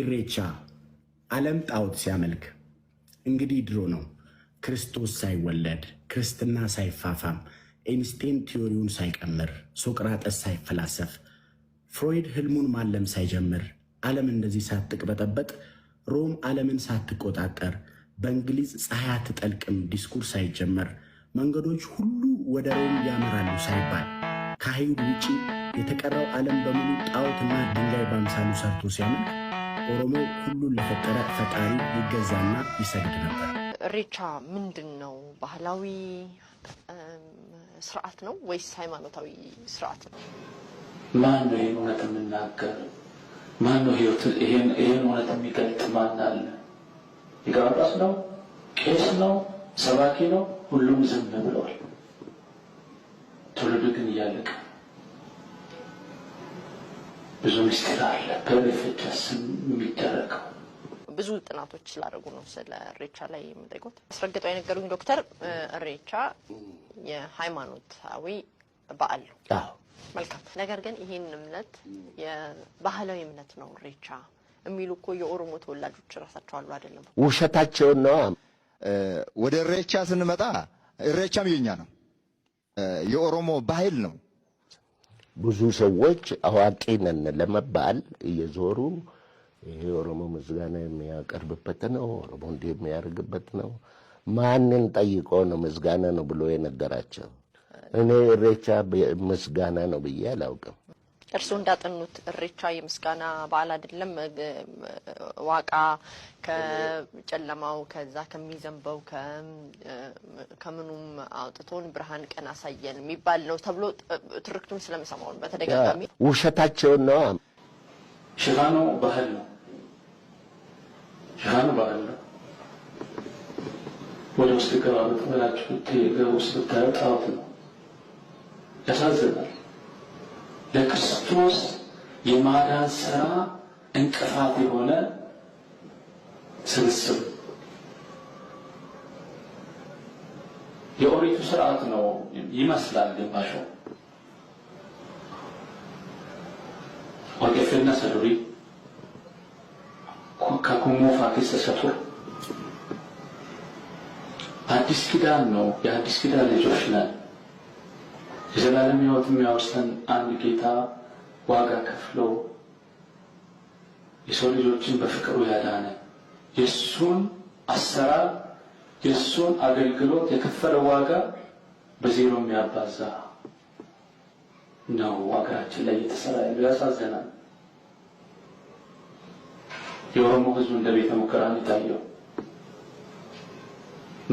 ኢሬቻ ዓለም ጣዖት ሲያመልክ እንግዲህ ድሮ ነው ክርስቶስ ሳይወለድ ክርስትና ሳይፋፋም ኤንስቴን ቲዮሪውን ሳይቀምር ሶቅራጠስ ሳይፈላሰፍ ፍሮይድ ህልሙን ማለም ሳይጀምር ዓለም እንደዚህ ሳትቅበጠበጥ ሮም ዓለምን ሳትቆጣጠር በእንግሊዝ ፀሐይ አትጠልቅም ዲስኩር ሳይጀመር መንገዶች ሁሉ ወደ ሮም ያመራሉ ሳይባል ከአይሁድ ውጪ የተቀረው ዓለም በሙሉ ጣዖትና ድንጋይ በአምሳሉ ሰርቶ ሲያመልክ ኦሮሞ ሁሉን ለፈጠረ ፈጣሪ ይገዛና ይሰግድ ነበር። ሬቻ ምንድን ነው? ባህላዊ ስርዓት ነው ወይስ ሃይማኖታዊ ስርዓት ነው? ማን ነው ይህን እውነት የምናገር? ማን ነው ይህን እውነት የሚገልጥ? ማን አለ? ሊቀጳጳስ ነው? ቄስ ነው? ሰባኪ ነው? ሁሉም ዝም ብለዋል። ትውልድ ግን እያለቀ ብዙ ምስጢር አለ በፍታ ስም የሚደረገው ብዙ ጥናቶች ስላደረጉ ነው ስለ እሬቻ ላይ የምጠይቁት። አስረግጠው የነገሩኝ ዶክተር እሬቻ የሃይማኖታዊ በዓል ነው። መልካም ነገር ግን ይህን እምነት የባህላዊ እምነት ነው እሬቻ የሚሉ እኮ የኦሮሞ ተወላጆች እራሳቸው አሉ። አይደለም ውሸታቸውን ነዋ። ወደ እሬቻ ስንመጣ እሬቻም የኛ ነው፣ የኦሮሞ ባህል ነው። ብዙ ሰዎች አዋቂ ነን ለመባል እየዞሩ ይሄ ኦሮሞ ምዝጋና የሚያቀርብበት ነው፣ ኦሮሞ እንዲህ የሚያደርግበት ነው። ማንን ጠይቆ ነው ምዝጋና ነው ብሎ የነገራቸው? እኔ እሬቻ ምስጋና ነው ብዬ አላውቅም። እርስዎ እንዳጠኑት እሬቻ የምስጋና በዓል አይደለም። ዋቃ ከጨለማው ከዛ ከሚዘንበው ከምኑም አውጥቶን ብርሃን ቀን አሳየን የሚባል ነው ተብሎ ትርክቱን ስለምሰማው በተደጋጋሚ ውሸታቸውን ነው። ሽፋኑ ባህል ነው። ሽፋኑ ባህል ነው። ወደ ውስጥ ገባ ብትበላችሁ ውስጥ ብታዩ ጣዖት ነው። ያሳዝናል። ለክርስቶስ የማዳን ስራ እንቅፋት የሆነ ስብስብ የኦሪቱ ስርዓት ነው ይመስላል። ግባሸው ወቄፌና ሰዱሪ ከኩሞ ፋክስ ተሰቱር አዲስ ኪዳን ነው። የአዲስ ኪዳን ልጆች ነን። የዘላለም ህይወት የሚያወርሰን አንድ ጌታ ዋጋ ከፍሎ የሰው ልጆችን በፍቅሩ ያዳነ የእሱን አሰራር የእሱን አገልግሎት የከፈለ ዋጋ በዜሮ የሚያባዛ ነው ሀገራችን ላይ እየተሰራ ያለው። ያሳዘናል። የኦሮሞ ሕዝብ እንደ ቤተ ሙከራ ነው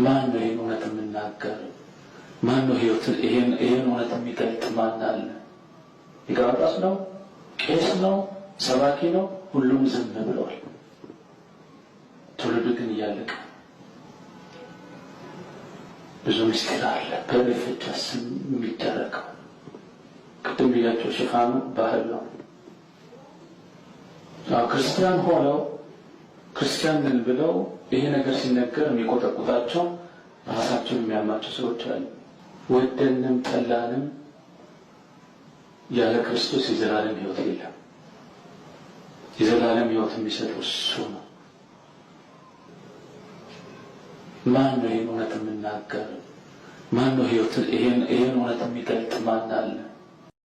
ማን ነው ይህን እውነት የምናገር? ማን ነው ህይወት ይሄን እውነት የሚገልጥ ማን አለ? ሊቀ ጳጳስ ነው? ቄስ ነው? ሰባኪ ነው? ሁሉም ዝም ብለዋል። ትውልድ ግን እያለቀ ብዙ ምስጢር አለ በእልፍ ስም የሚደረገው። ቅድም ብያቸው ሽፋኑ ባህል ነው። ክርስቲያን ሆነው ክርስቲያንን ብለው ይሄ ነገር ሲነገር የሚቆጠቁጣቸው ራሳቸውን የሚያማቸው ሰዎች አሉ። ወደንም ጠላንም ያለ ክርስቶስ የዘላለም ህይወት የለም። የዘላለም ህይወት የሚሰጠው እሱ ነው። ማን ነው ይህን እውነት የምናገር? ማን ነው ይህን እውነት የሚገልጥ? ማን አለ?